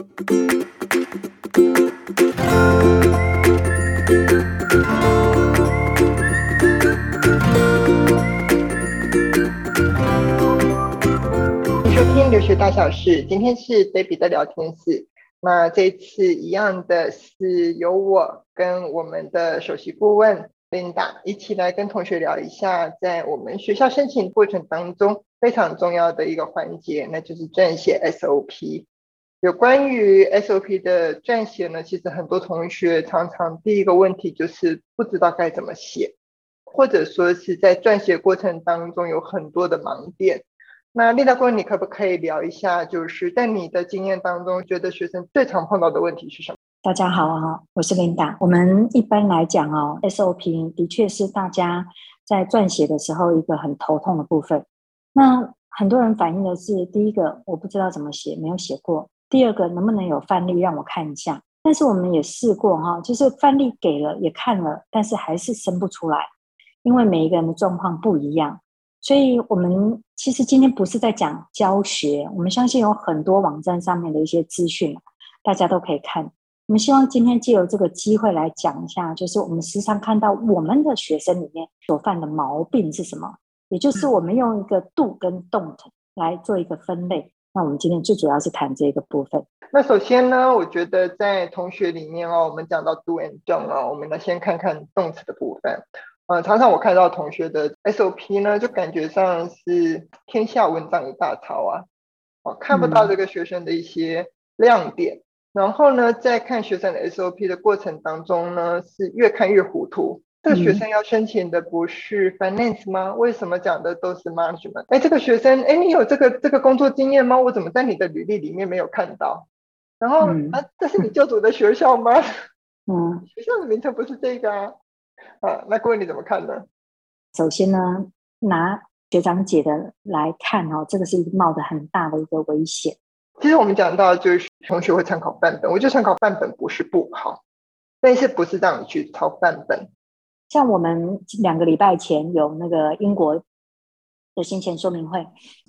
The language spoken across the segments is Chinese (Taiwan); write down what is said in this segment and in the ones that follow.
歡迎收聽留學大小事，今天是 Debbie 的聊天室。那這一次一樣的是由我跟我們的首席顧問 Linda 一起來跟同學聊一下，在我們學校申請過程當中非常重要的一個環節，那就是撰寫 SOP。有關於 SOP 的撰寫呢，其實很多同學常常第一個問題就是不知道該怎麼寫，或者說是在撰寫過程當中有很多的盲點。那 Linda 顧問，你可不可以聊一下，就是在你的經驗當中，覺得學生最常碰到的問題是什麼？大家好啊，我是 Linda。我們一般來講哦，SOP 的確是大家在撰寫的時候一個很頭痛的部分。那很多人反映的是，第一個我不知道怎麼寫，沒有寫過。第二個能不能有範例讓我看一下？但是我們也試過哈，就是範例給了也看了，但是還是生不出來，因為每一個人的狀況不一樣。所以我們其實今天不是在講教學，我們相信有很多網站上面的一些資訊，大家都可以看。我們希望今天借由這個機會來講一下，就是我們時常看到我們的學生裡面所犯的毛病是什麼，也就是我們用一個 “do” 跟 “don't” 來做一個分類。那我們今天最主要是談這個部分。那首先呢，我覺得在同學裡面哦，我們講到 Do and Don't 啊，我們來先看看 Don't 的部分。啊，常常我看到同學的 SOP 呢，就感覺上是天下文章一大抄啊，啊，看不到這個學生的一些亮點。嗯。然後呢，在看學生的 SOP 的過程當中呢，是越看越糊塗。這個學生要申請的不是 finance 嗎？嗯、為什麼講的都是 management？哎，這個學生，哎，你有這個這個工作經驗嗎？我怎麼在你的履歷裡面沒有看到？然後，嗯、啊，這是你就讀的學校嗎？嗯，學校的名稱不是這個啊。啊，那各位你怎麼看呢？首先呢，拿學長姐的來看哦，這個是冒着很大的一個危險。其實我們講到就是同學會參考範本，我覺得參考範本不是不好，但是不是讓你去抄範本。像我們兩個禮拜前有那個英國的行前說明會，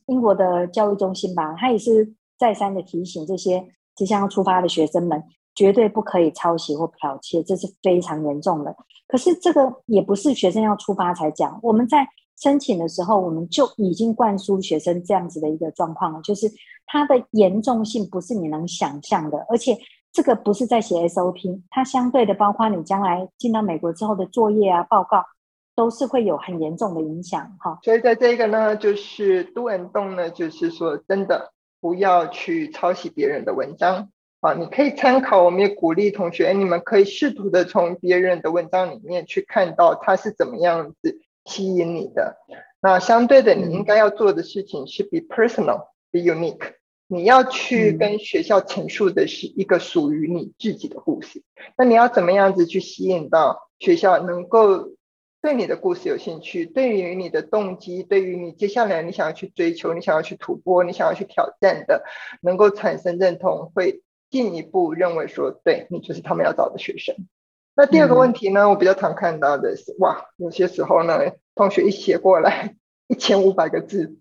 英國的教育中心吧，他也是再三的提醒這些即將要出發的學生們，絕對不可以抄襲或剽竊，這是非常嚴重的。可是這個也不是學生要出發才講，我們在申請的時候，我們就已經灌輸學生這樣子的一個狀況了，就是它的嚴重性不是你能想象的，而且。這個不是在寫 SOP，它相對的包括你將來進到美國之後的作業啊、報告，都是會有很嚴重的影響哈。所以在這個呢，就是 Do and Don't 呢，就是說真的不要去抄襲別人的文章啊。你可以參考，我們也鼓勵同學，你們可以試圖的從別人的文章裡面去看到他是怎麼樣子吸引你的。那相對的，你應該要做的事情是 be personal，be unique。你要去跟學校陳述的是一個屬於你自己的故事，嗯、那你要怎麼樣子去吸引到學校能夠對你的故事有興趣，對於你的動機，對於你接下來你想要去追求、你想要去突破、你想要去挑戰的，能夠產生認同，會進一步認為說，對，你就是他們要找的學生。那第二個問題呢，我比較常看到的是，嗯、哇，有些時候呢，同學一寫過來一千五百個字。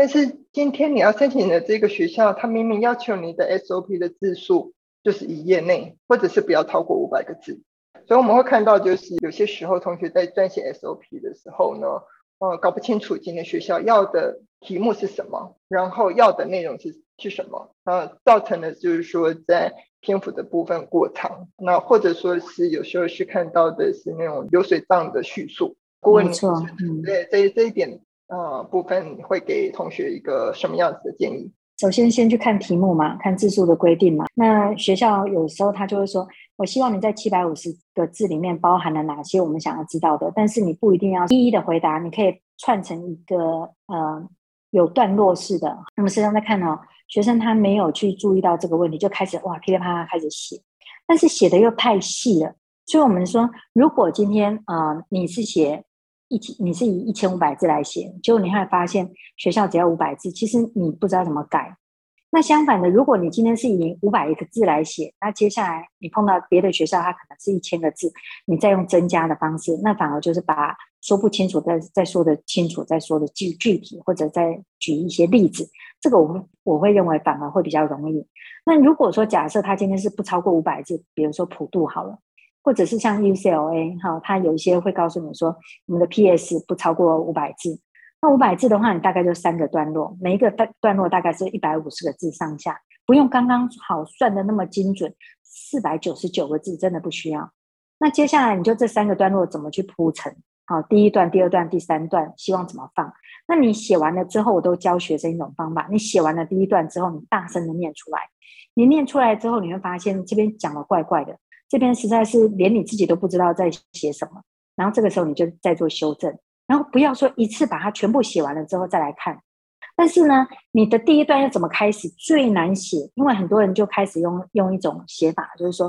但是今天你要申請的這個學校，它明明要求你的 SOP 的字數就是一頁內，或者是不要超過五百個字。所以我們會看到，就是有些時候同學在撰寫 SOP 的時候呢，呃、嗯，搞不清楚今天學校要的題目是什麼，然後要的內容是是什麼，呃、啊、造成的就是說在篇幅的部分過長，那或者說是有時候是看到的是那種流水賬的敘述。過長，對、嗯，這這一點。呃，部分你會給同學一個什麼樣子的建議？首先，先去看題目嘛，看字數的規定嘛。那學校有時候他就會說，我希望你在七百五十個字裡面包含了哪些我們想要知道的，但是你不一定要一一的回答，你可以串成一個呃有段落式的。那麼實際上在看呢，哦，學生他沒有去注意到這個問題，就開始哇噼里啪啦開始寫，但是寫的又太細了。所以我們說，如果今天啊，呃、你是寫。一起，你是以一千五百字來寫，結果你會發現學校只要五百字，其實你不知道怎麼改。那相反的，如果你今天是以五百一個字來寫，那接下來你碰到別的學校，它可能是一千個字，你再用增加的方式，那反而就是把說不清楚再再說得清楚，再說得具具體，或者再舉一些例子。這個我我會認為反而會比較容易。那如果說假設他今天是不超過五百字，比如說普渡好了。或者是像 UCLA 哈，它有一些會告訴你說，我們的 PS 不超過五百字。那五百字的話，你大概就三個段落，每一個段段落大概是一百五十個字上下，不用剛剛好算得那麼精準。四百九十九個字真的不需要。那接下來你就這三個段落怎麼去鋪陳？好，第一段、第二段、第三段，希望怎麼放？那你寫完了之後，我都教學生一種方法。你寫完了第一段之後，你大聲地念出來。你念出來之後，你會發現這邊講的怪怪的。這邊實在是連你自己都不知道在寫什麼，然後這個時候你就再做修正，然後不要說一次把它全部寫完了之後再來看。但是呢，你的第一段要怎麼開始最難寫，因為很多人就開始用用一種寫法，就是說，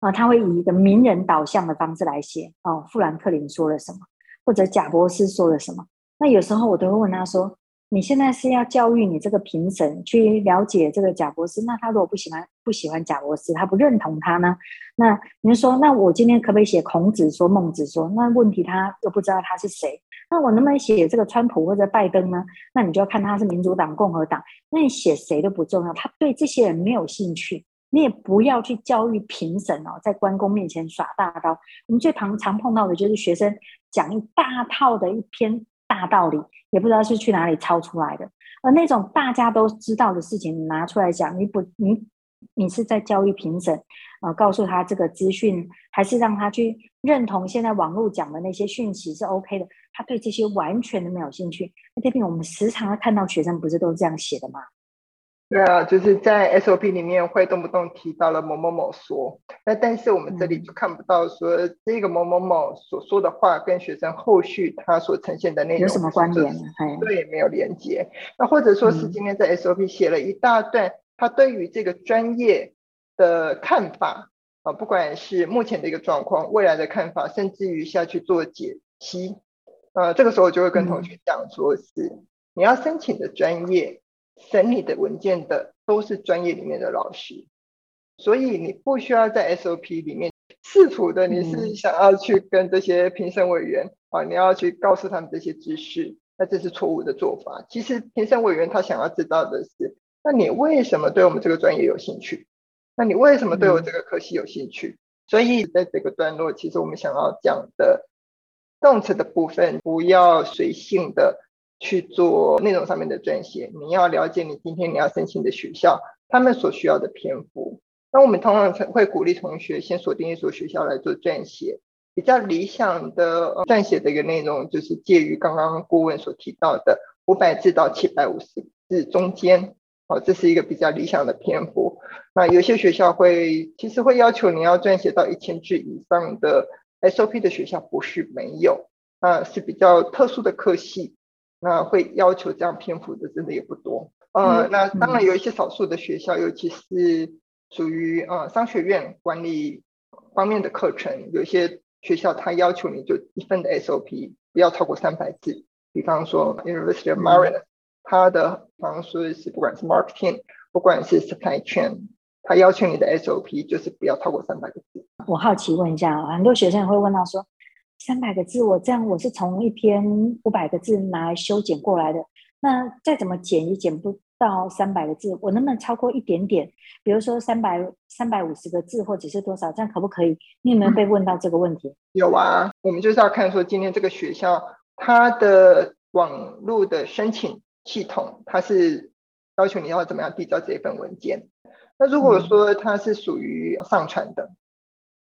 啊、呃，他會以一個名人導向的方式來寫，哦，富蘭克林說了什麼，或者賈伯斯說了什麼。那有時候我都會問他說。你現在是要教育你這個評審去了解這個賈伯斯？那他如果不喜歡不喜歡賈伯斯，他不認同他呢？那你就說，那我今天可不可以寫孔子說孟子說？那問題他又不知道他是誰？那我能不能寫這個川普或者拜登呢？那你就要看他是民主黨共和黨，那你寫誰都不重要，他對這些人沒有興趣，你也不要去教育評審哦，在關公面前耍大刀。我們最常常碰到的就是學生講一大套的一篇，大道理，也不知道是去哪裡抄出來的，而那種大家都知道的事情你拿出來講，你不你你是在教育評審啊，告訴他這個資訊，還是讓他去認同現在網絡講的那些訊息是 OK 的，他對這些完全都沒有興趣。這邊我們時常看到學生不是都是這樣寫的嗎？對啊，就是在 SOP 裡面會動不動提到了某某某說，那但是我們這裡就看不到說這個某某某所說的話跟學生後續他所呈現的內容有什麼關聯？對，沒有連接。那或者說是今天在 SOP 寫了一大段他對於這個專業的看法啊，不管是目前的一個狀況、未來的看法，甚至於下去做解析，呃，這個時候我就會跟同學講說是你要申請的專業。整理的文件的都是專業裡面的老師，所以你不需要在 SOP 裡面試圖的，你是想要去跟這些評審委員、嗯、啊，你要去告訴他們這些知識。那這是錯誤的做法。其實評審委員他想要知道的是，那你為什麼對我們這個專業有興趣？那你為什麼對我這個科系有興趣？嗯、所以在這個段落，其實我們想要講的動機的部分，不要隨性的去做內容上面的撰寫，你要了解你今天你要申請的學校他們所需要的篇幅。那我們通常會鼓勵同學先鎖定一所學校來做撰寫，比較理想的、啊、撰寫的一個內容就是介於剛剛顧問所提到的五百字到七百五十字中間，哦、啊，這是一個比較理想的篇幅。那有些學校會其實會要求你要撰寫到一千字以上的 SOP 的學校不是沒有，那、啊、是比較特殊的科系。那會要求這樣篇幅的，真的也不多。呃，嗯、那當然有一些少數的學校，嗯、尤其是屬於呃商學院管理方面的課程，有些學校它要求你就一份的 SOP 不要超過三百字。比方說 University of Maryland，它、嗯、的，方式是不管是 Marketing，不管是 Supply Chain，它要求你的 SOP 就是不要超過三百個字。我好奇問一下啊，很多學生會問到說，三百個字，我這樣我是從一篇五百個字拿來修剪過來的。那再怎麼剪也剪不到三百個字，我能不能超過一點點？比如說三百三百五十個字，或者是多少？這樣可不可以？你有沒有被問到這個問題？嗯，有啊，我們就是要看說今天這個學校它的網絡的申請系統，它是要求你要怎麼樣遞交這一份文件。那如果說它是屬於上傳的。嗯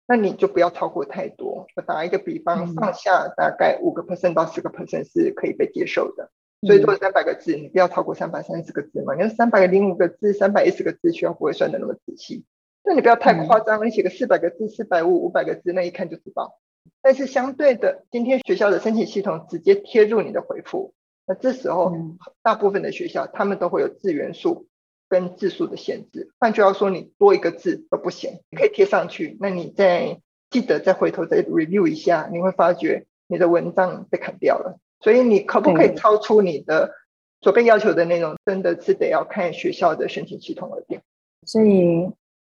那你就不要超過太多。我打一個比方，上下大概五個 percent 到十個 percent 是可以被接受的。嗯、所以做三百個字，你不要超過三百三十個字嘛。你說三百零五個字，三百一十個字，需要不會算的那麼仔細。那你不要太誇張，嗯、你寫個四百個字，四百五、五百個字，那一看就知道。但是相對的，今天學校的申請系統直接貼入你的回復，那這時候，嗯、大部分的學校他們都會有字元數，跟字數的限制，換句話說，你多一個字都不行。你可以貼上去，那你再記得再回頭再 review 一下，你會發覺你的文章被砍掉了。所以你可不可以超出你的所被要求的內容，對真的是得要看學校的申請系統而定。所以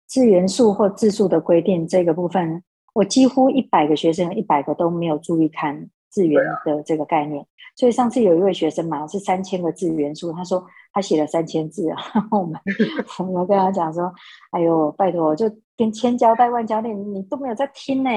字元素或字數的規定這個部分，我幾乎一百個學生一百個都沒有注意看字元的這個概念。啊、所以上次有一位學生嘛，是三千個字元素，他說。他寫了三千字啊，我們我跟他講說，哎呦，拜托，就跟千交代萬交代，你都沒有在聽呢，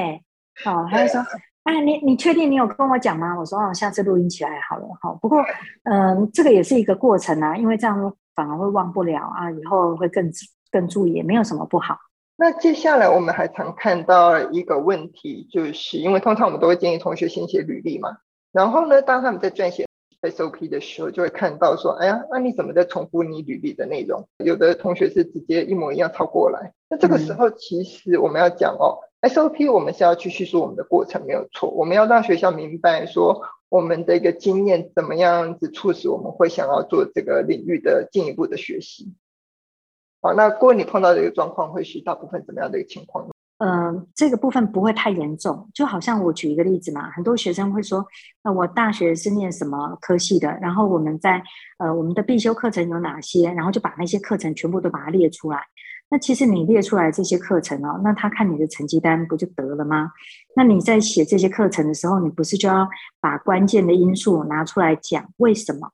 好、哦，他就說，哎，你你確定你有跟我講嗎？我說，哦、下次錄音起來好了，好、哦，不過，嗯、呃，這個也是一個過程啊，因為這樣反而會忘不了啊，以後會更更注意也，也沒有什麼不好。那接下來我們還常看到一個問題，就是因為通常我們都會建議同學先寫履歷嘛，然後呢，當他們在撰寫。SOP 的時候就會看到說，哎呀，那你怎麼在重複你履歷的內容？有的同學是直接一模一樣抄過來。那這個時候其實我們要講哦，嗯，SOP 我們是要去敘述我們的過程沒有錯，我們要讓學校明白說我們的一個經驗怎麼樣子促使我們會想要做這個領域的進一步的學習。好，那各位你碰到這個狀況會是大部分怎麼樣的一個情況呢？呃，這個部分不會太嚴重，就好像我舉一個例子嘛，很多學生會說，呃，我大學是念什麼科系的，然後我們在呃我們的必修課程有哪些，然後就把那些課程全部都把它列出來。那其實你列出來這些課程哦，那他看你的成績單不就得了嗎？那你在寫這些課程的時候，你不是就要把關鍵的因素拿出來講，為什麼？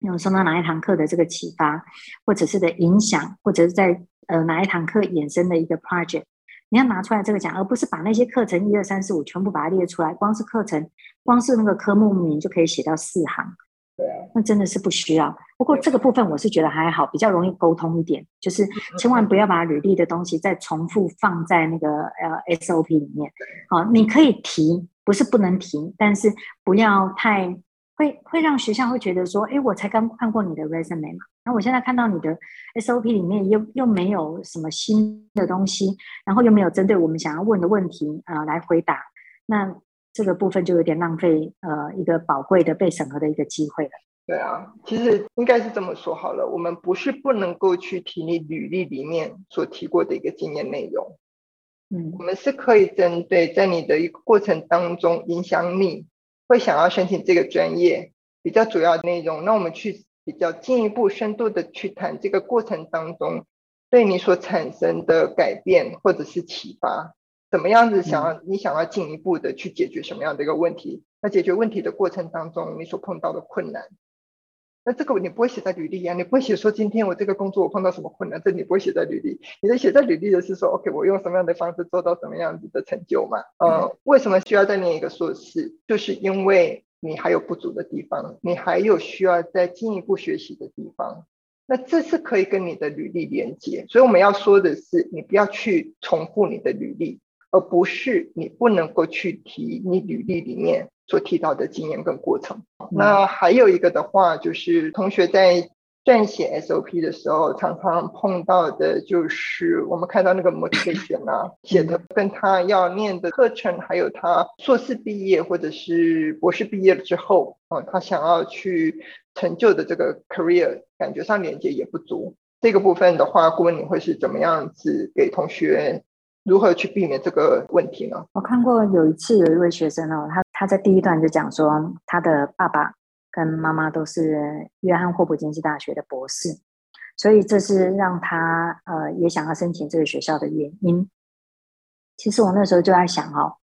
有受到哪一堂課的這個啟發，或者是的影響，或者是在呃哪一堂課衍生的一個 project？你要拿出來這個講，而不是把那些課程一二三四五全部把它列出來。光是課程，光是那個科目名就可以寫到四行。對，那真的是不需要。不過這個部分我是覺得還好，比較容易溝通一點。就是千萬不要把履歷的東西再重複放在那個呃 SOP 裡面。好，你可以提，不是不能提，但是不要太。會會讓學校會覺得說，哎，我才剛看過你的 resume 嘛，那我現在看到你的 SOP 裡面又又沒有什麼新的東西，然後又沒有針對我們想要問的問題啊、呃、來回答，那這個部分就有點浪費呃一個寶貴的被審核的一個機會了。對啊，其實應該是這麼說好了，我們不是不能夠去提你履歷裡面所提過的一個經驗內容，嗯，我們是可以針對在你的一個過程當中影響你會想要申請這個專業比較主要的內容，那我們去比較進一步深度的去談這個過程當中對你所產生的改變或者是啟發，怎麼樣子想要你想要進一步的去解決什麼樣的一個問題？那解決問題的過程當中你所碰到的困難。那這個你不會寫在履歷呀、啊，你不會寫說，今天我這個工作我碰到什麼困難，這你不會寫在履歷。你的寫在履歷的是說，OK，我用什麼樣的方式做到什麼樣子的成就嘛。呃，為什麼需要再念一個碩士？就是因為你還有不足的地方，你還有需要再進一步學習的地方。那這是可以跟你的履歷連接，所以我們要說的是，你不要去重複你的履歷。而不是你不能夠去提你履歷裡面所提到的經驗跟過程。嗯、那還有一個的話，就是同學在撰寫 SOP 的時候，常常碰到的就是我們看到那個 motivation 啊，寫、嗯、的跟他要念的課程，還有他碩士畢業或者是博士畢業之後，哦、嗯，他想要去成就的這個 career，感覺上連接也不足。這個部分的話，顧問你會是怎麼樣子給同學？如何去避免這個問題呢？我看過有一次有一位學生哦，他他在第一段就講說，他的爸爸跟媽媽都是約翰霍普金斯大學的博士，所以這是讓他呃也想要申請這個學校的原因。其實我那時候就在想哦，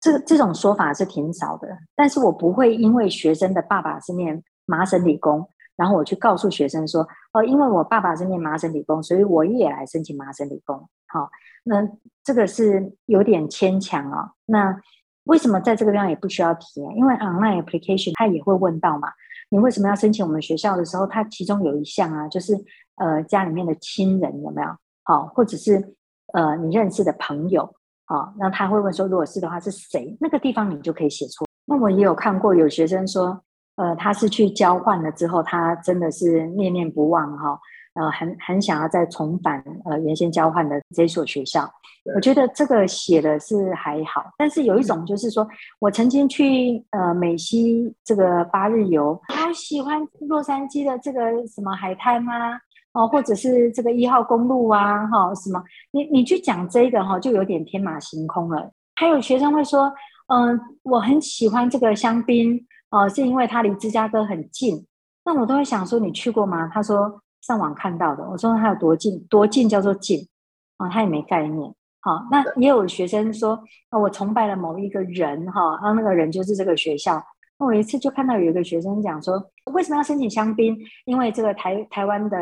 這這種說法是挺少的，但是我不會因為學生的爸爸是念麻省理工。然後我去告訴學生說：“哦，因為我爸爸是念麻省理工，所以我也來申請麻省理工。哦”好，那這個是有點牽強哦。那為什麼在這個地方也不需要提？因為 online application 他也會問到嘛，你為什麼要申請我們學校的時候，他其中有一項啊，就是呃家裡面的親人有沒有？好、哦，或者是呃你認識的朋友、哦、那他會問說，如果是的話是誰？那個地方你就可以寫出來。那我也有看過有學生說。呃，他是去交換了之後，他真的是念念不忘哈、哦，呃，很很想要再重返呃原先交換的這所學校。對我覺得這個寫的是還好，但是有一種就是說，我曾經去呃美西這個八日遊，好喜歡洛杉磯的這個什麼海灘啊，哦，或者是這個一號公路啊，哈、哦，什麼？你你去講這個哈、哦，就有點天馬行空了。還有學生會說，嗯、呃，我很喜歡這個香檳。哦，是因為它離芝加哥很近，那我都會想說，你去過嗎？他說上網看到的。我說它有多近？多近叫做近，啊、哦，他也沒概念。好、哦，那也有學生說，啊、哦，我崇拜了某一個人，哈、哦，那個人就是這個學校。那我一次就看到有一個學生講說，為什麼要申請香檳？因為這個台台灣的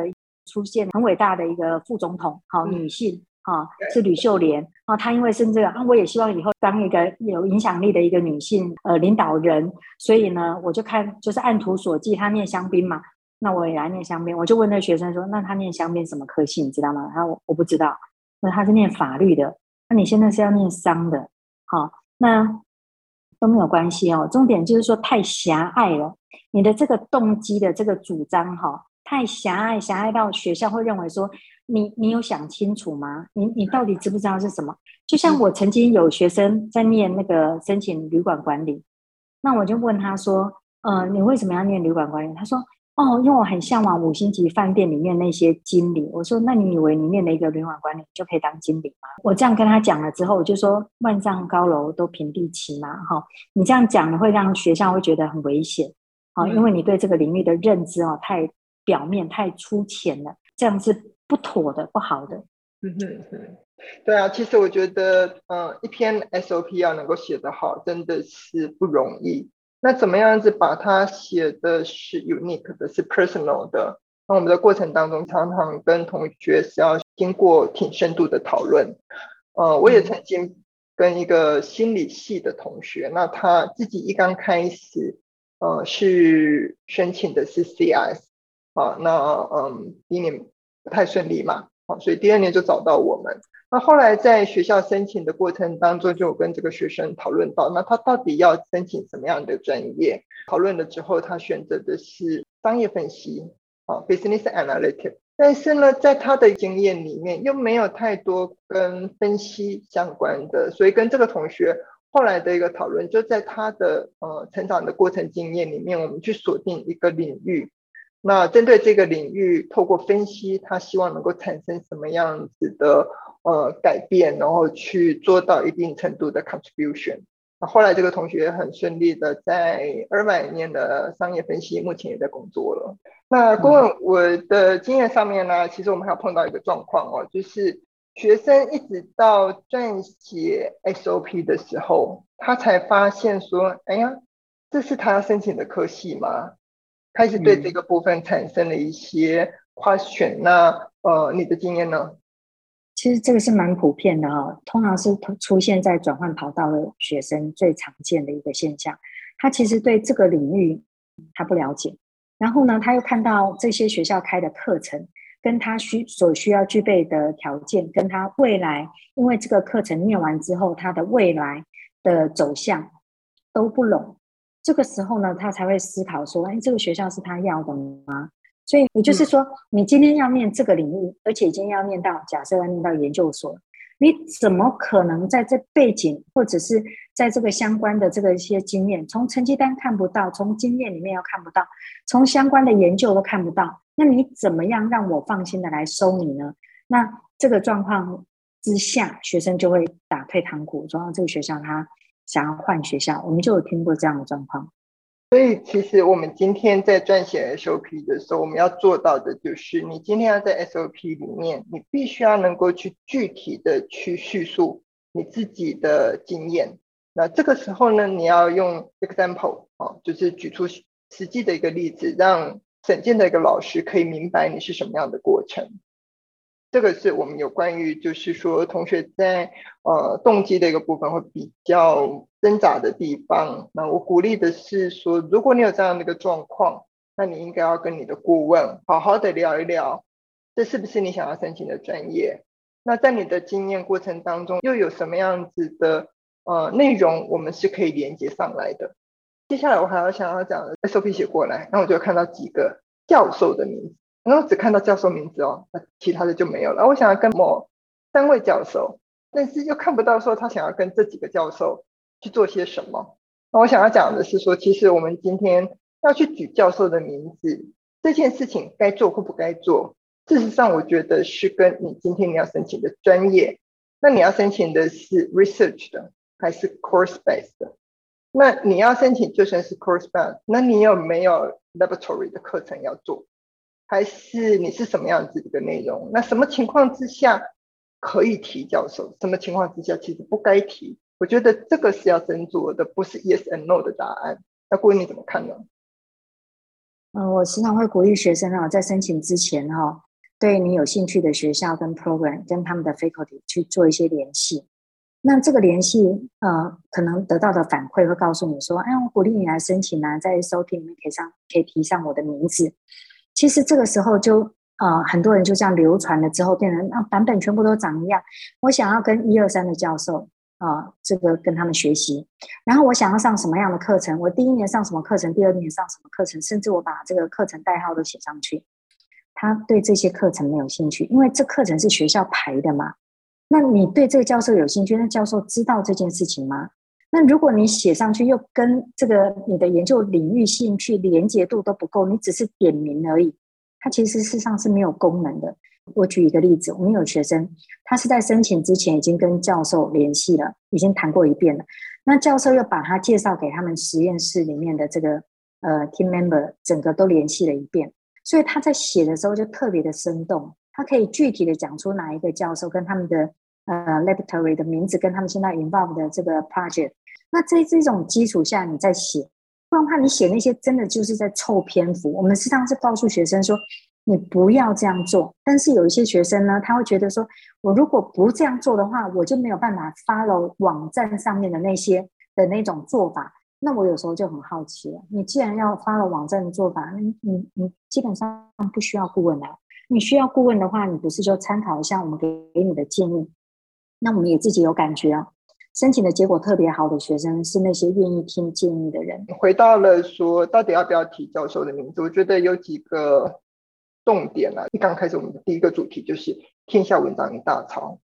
出現很偉大的一個副總統，好、哦、女性。嗯啊、哦，是呂秀蓮啊、哦，她因為是這個我也希望以後當一個有影響力的一個女性呃領導人，所以呢，我就看就是按圖索驥，她念香檳嘛，那我也來念香檳。我就問那學生說，那她念香檳什麼科系，你知道嗎？她說我，我不知道，那她是念法律的，那你現在是要念商的，好、哦，那都沒有關係哦。重點就是說太狹隘了，你的這個動機的這個主張哈、哦，太狹隘，狹隘到學校會認為說，你你有想清楚嗎？你你到底知不知道是什麼？就像我曾經有學生在念那個申請旅館管理，那我就問他說：“呃，你為什麼要念旅館管理？”他說：“哦，因為我很向往五星級飯店裡面那些經理。”我說：“那你以為你念了一個旅館管理就可以當經理嗎？”我這樣跟他講了之後，我就說：“萬丈高樓都平地起嘛，哈、哦！你這樣講會讓學校會覺得很危險啊、哦，因為你對這個領域的認知啊、哦，太表面、太粗淺了，這樣是。”不妥的，不好的。嗯哼 對啊，其實我覺得，嗯、呃，一篇 SOP 要、啊、能夠寫得好，真的是不容易。那怎麼樣子把它寫的是 unique 的，是 personal 的？那我們的過程當中，常常跟同學是要經過挺深度的討論。呃，我也曾經跟一個心理系的同學，那他自己一剛開始，呃，是申請的是 CS 啊，那嗯，因為。不太順利嘛，啊，所以第二年就找到我們。那後來在學校申請的過程當中，就跟這個學生討論到，那他到底要申請什麼樣的專業？討論了之後，他選擇的是商業分析，啊，business analytics，但是呢，在他的經驗裡面又沒有太多跟分析相關的，所以跟這個同學後來的一個討論，就在他的呃成長的過程經驗裡面，我們去鎖定一個領域。那針對這個領域，透過分析，他希望能夠產生什麼樣子的呃改變，然後去做到一定程度的 contribution。那、啊、後來這個同學很順利的在二百年的商業分析，目前也在工作了。那過、嗯、我的經驗上面呢，其實我們還要碰到一個狀況哦，就是學生一直到撰寫 SOP 的時候，他才發現說，哎呀，這是他要申請的科系嗎？開始對這個部分產生了一些跨選、啊，那、嗯、呃，你的經驗呢？其實這個是蠻普遍的哈，通常是出現在轉換跑道的學生最常見的一個現象。他其實對這個領域他不了解，然後呢，他又看到這些學校開的課程跟他需所需要具備的條件，跟他未來因為這個課程念完之後他的未來的走向都不攏。這個時候呢，他才會思考說：“哎，這個學校是他要的嗎？”所以，也就是說，嗯、你今天要念這個領域，而且已經要念到，假設要念到研究所，你怎麼可能在這背景或者是在這個相關的這個一些經驗，從成績單看不到，從經驗裡面又看不到，從相關的研究都看不到，那你怎麼樣讓我放心的來收你呢？那這個狀況之下，學生就會打退堂鼓，說這個學校他。想要換學校，我們就有聽過這樣的狀況。所以，其實我們今天在撰寫 SOP 的時候，我們要做到的就是，你今天要在 SOP 裡面，你必須要能夠去具體的去敘述你自己的經驗。那這個時候呢，你要用 example 啊，就是舉出實際的一個例子，讓審件的一個老師可以明白你是什麼樣的過程。這個是我們有關於就是說同學在呃動機的一個部分會比較掙扎的地方。那我鼓勵的是說，如果你有這樣的一個狀況，那你應該要跟你的顧問好好的聊一聊，這是不是你想要申請的專業？那在你的經驗過程當中又有什麼樣子的呃內容我們是可以連接上來的？接下來我還要想要講的 SOP 寫過來，那我就看到幾個教授的名字。然後只看到教授名字哦，那其他的就沒有了。我想要跟某三位教授，但是又看不到說他想要跟這幾個教授去做些什麼。那我想要講的是說，其實我們今天要去舉教授的名字，這件事情該做或不該做，事實上我覺得是跟你今天你要申請的專業。那你要申請的是 research 的還是 course based 的？那你要申請就算是 course based，那你有沒有 laboratory 的課程要做？還是你是什麼樣子的一個內容？那什麼情況之下可以提教授？什麼情況之下其實不該提？我覺得這個是要斟酌的，不是 yes and no 的答案。那顧問你怎麼看呢？嗯、呃，我時常會鼓勵學生啊、哦，在申請之前哈、哦，對你有興趣的學校跟 program，跟他們的 faculty 去做一些聯繫。那這個聯繫呃，可能得到的反饋會告訴你說，哎，我鼓勵你來申請啊，在 SOP 裡面可以上可以提上我的名字。其實這個時候就啊、呃，很多人就這樣流傳了之後，變成那版本全部都長一樣。我想要跟一二三的教授啊、呃，這個跟他們學習。然後我想要上什麼樣的課程？我第一年上什麼課程？第二年上什麼課程？甚至我把這個課程代號都寫上去。他對這些課程沒有興趣，因為這課程是學校排的嘛。那你對這個教授有興趣，那教授知道這件事情嗎？那如果你寫上去又跟這個你的研究領域興趣連結度都不夠，你只是點名而已，它其實事實上是沒有功能的。我舉一個例子，我們有學生，他是在申請之前已經跟教授聯繫了，已經談過一遍了。那教授又把他介紹給他們實驗室裡面的這個呃 team member，整個都聯繫了一遍，所以他在寫的時候就特別的生動，他可以具體的講出哪一個教授跟他們的。呃、uh，Laboratory 的名字跟他們現在 involved 的這個 project，那在這種基礎下，你在寫。不然的話，你寫那些真的就是在湊篇幅。我們實際上是告訴學生說，你不要這樣做。但是有一些學生呢，他會覺得說，我如果不這樣做的話，我就沒有辦法 follow 網站上面的那些的那種做法。那我有時候就很好奇了，你既然要 follow 網站的做法，你你你基本上不需要顧問了，你需要顧問的話，你不是就參考一下我們給給你的建議？那我們也自己有感覺啊，申請的結果特別好的學生是那些願意聽建議的人。回到了說，到底要不要提教授的名字？我覺得有幾個重點啊。一剛開始，我們的第一個主題就是天下文章一大抄，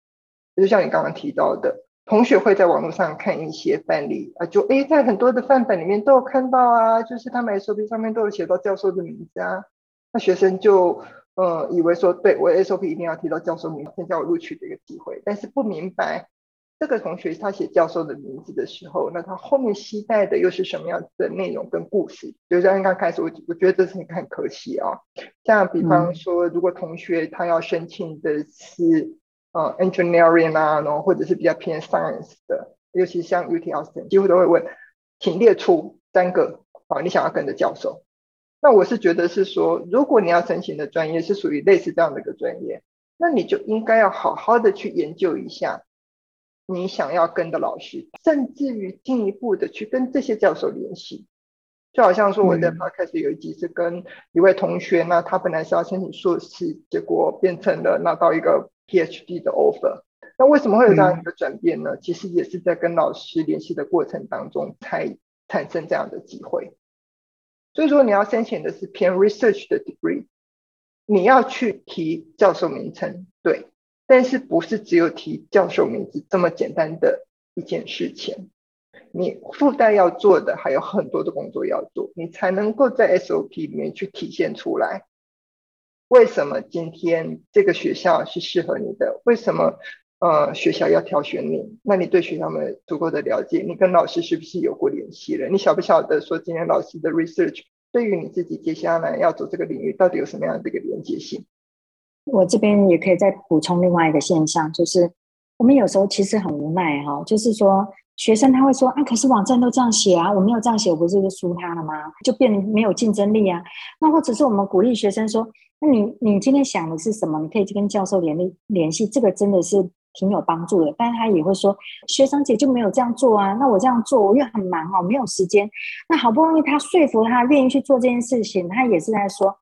就是像你剛剛提到的，同學會在網絡上看一些範例啊，就哎，在很多的範本裡面都有看到啊，就是他們 SOP 上面都有寫到教授的名字啊，那學生就。嗯，以為說對，我 SOP 一定要提到教授名字，叫我錄取的一個機會，但是不明白這個同學他寫教授的名字的時候，那他後面期待的又是什麼樣的內容跟故事？就像剛剛開始，我我覺得這是很可惜啊、哦。像比方說，嗯、如果同學他要申請的是呃 engineering 啊，然後或者是比較偏 science 的，尤其像 UT Austin，幾乎都會問，請列出三個啊、哦，你想要跟着教授。那我是覺得是說，如果你要申請的專業是屬於類似這樣的一個專業，那你就應該要好好的去研究一下你想要跟的老師，甚至於進一步的去跟這些教授聯繫。就好像說我在 podcast 有一集是跟一位同學，嗯、那他本來是要申請碩士，結果變成了拿到一個 PhD 的 offer。那為什麼會有這樣一個轉變呢？嗯、其實也是在跟老師聯繫的過程當中才產生這樣的機會。所以說，你要申請的是偏 research 的 degree，你要去提教授名稱，對，但是不是只有提教授名字這麼簡單的一件事情，你附帶要做的還有很多的工作要做，你才能夠在 SOP 裡面去體現出來，為什麼今天這個學校是適合你的？為什麼？呃、嗯，學校要挑選你，那你對學校沒有足夠的了解？你跟老師是不是有過聯繫了？你曉不曉得說今天老師的 research 對於你自己接下來要走這個領域到底有什麼樣的一個連接性？我這邊也可以再補充另外一個現象，就是我們有時候其實很無奈哈、哦，就是說學生他會說啊，可是網站都這樣寫啊，我沒有這樣寫，我不是就輸他了嗎？就變得沒有競爭力啊。那或者是我們鼓勵學生說，那你你今天想的是什麼？你可以去跟教授聯聯聯繫，這個真的是。挺有幫助的，但是他也會說，學長姐就沒有這樣做啊。那我這樣做，我又很忙哦，沒有時間。那好不容易他說服他願意去做這件事情，他也是在說，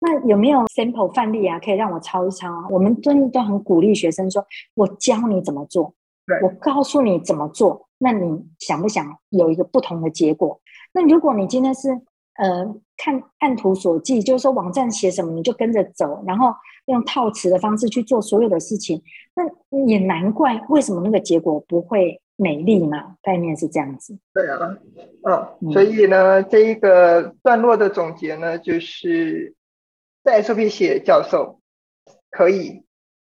那有沒有 sample 範例啊，可以讓我抄一抄啊？我們真的都很鼓勵學生說，我教你怎麼做，對我告訴你怎麼做，那你想不想有一個不同的結果？那如果你今天是呃看按圖索驥，就是說網站寫什麼你就跟着走，然後。用套磁的方式去做所有的事情，那也難怪為什麼那個結果不會美麗嘛。概念是這樣子。對啊，哦、嗯，所以呢，這一個段落的總結呢，就是在 SOP 寫教授可以，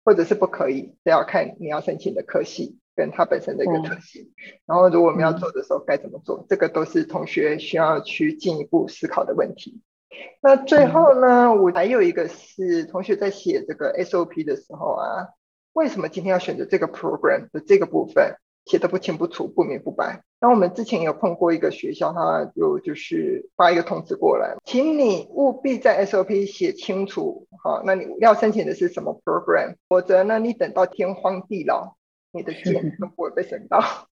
或者是不可以，這要看你要申請的科系跟他本身的一個特性。對然後，如果我們要做的時候該怎麼做，嗯、這個都是同學需要去進一步思考的問題。那最後呢，我還有一個是同學在寫這個 SOP 的時候啊，為什麼今天要選擇這個 program 的這個部分，寫得不清不楚，不明不白。那我們之前有碰過一個學校，他就就是發一個通知過來，請你務必在 SOP 寫清楚，好，那你要申請的是什麼 program？否則呢，你等到天荒地老，你的錢都不會被審到。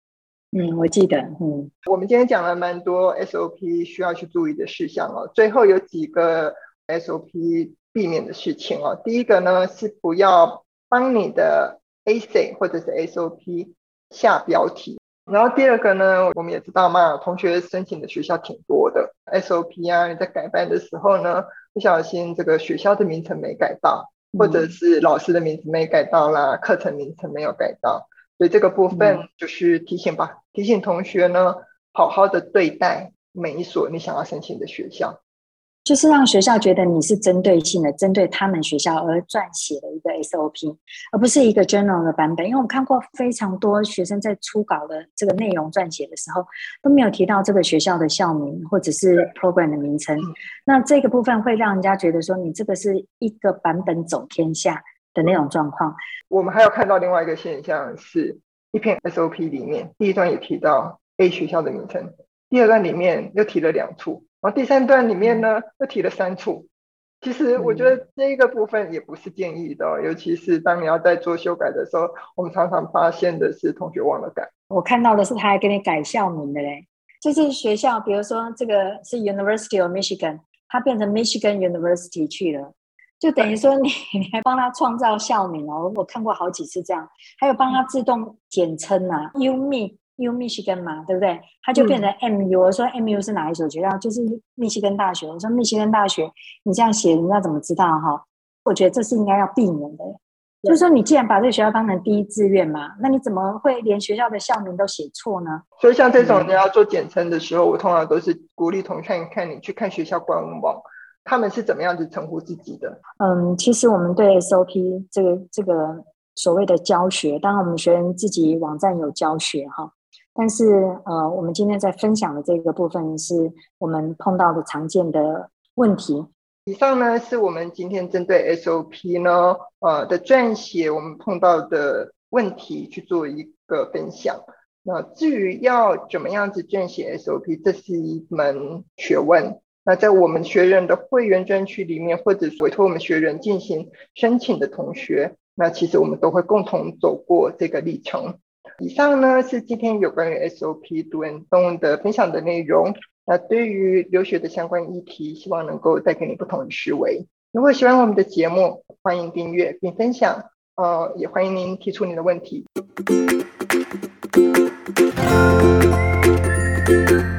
嗯，我記得。嗯，我們今天講了蠻多 SOP 需要去注意的事項哦。最後有幾個 SOP 避免的事情哦。第一個呢，是不要幫你的 Essay 或者是 SOP 下標題。然後第二個呢，我們也知道嘛，同學申請的學校挺多的，SOP 啊，你在改版的時候呢，不小心這個學校的名稱沒改到，或者是老師的名字沒改到啦，課、嗯、程名稱沒有改到。所以這個部分就是提醒吧，嗯、提醒同學呢，好好的對待每一所你想要申請的學校，就是讓學校覺得你是針對性的，針對他們學校而撰寫的一個 SOP，而不是一個 general 的版本。因為我們看過非常多學生在初稿的這個內容撰寫的時候，都沒有提到這個學校的校名或者是 program 的名稱，那這個部分會讓人家覺得說你這個是一個版本走天下的那種狀況，我們還有看到另外一個現象，是一篇 SOP 裡面第一段也提到 A 學校的名稱，第二段裡面又提了兩處，然後第三段裡面呢、嗯、又提了三處。其實我覺得這一個部分也不是建議的、哦，嗯、尤其是當你要在做修改的時候，我們常常發現的是同學忘了改。我看到的是他還給你改校名的嘞，就是學校，比如說這個是 University of Michigan，它變成 Michigan University 去了。就等於說你，你你還幫他創造校名哦，我看過好幾次這樣，還有幫他自動簡稱吶、啊嗯、，U 密 Mi, U Michigan 嘛，對不對？他就變成 MU、嗯。我說 MU 是哪一所學校？就是密西根大學。我說密西根大學，你這樣寫人家怎麼知道哈、哦？我覺得這是應該要避免的。對就是說，你既然把這個學校當成第一志願嘛，那你怎麼會連學校的校名都寫錯呢？所以像這種你要做簡稱的時候，嗯、我通常都是鼓勵同學看一看，看你去看學校官網。他們是怎麼樣子稱呼自己的？嗯，其實我們對 SOP 這個這個所謂的教學，當然我們學人自己網站有教學哈。但是呃，我們今天在分享的這個部分，是我們碰到的常見的問題。以上呢，是我們今天針對 SOP 呢呃的撰寫，我們碰到的問題去做一個分享。那至於要怎麼樣子撰寫 SOP，這是一門學問。那在我們學人的會員專區裡面，或者委托我們學人進行申請的同學，那其實我們都會共同走過這個歷程。以上呢，是今天有關於 SOP Do and Don't 的分享的內容。那對於留學的相關議題，希望能夠帶給你不同的思維。如果喜歡我們的節目，歡迎訂閱並分享。呃，也歡迎您提出您的問題。嗯。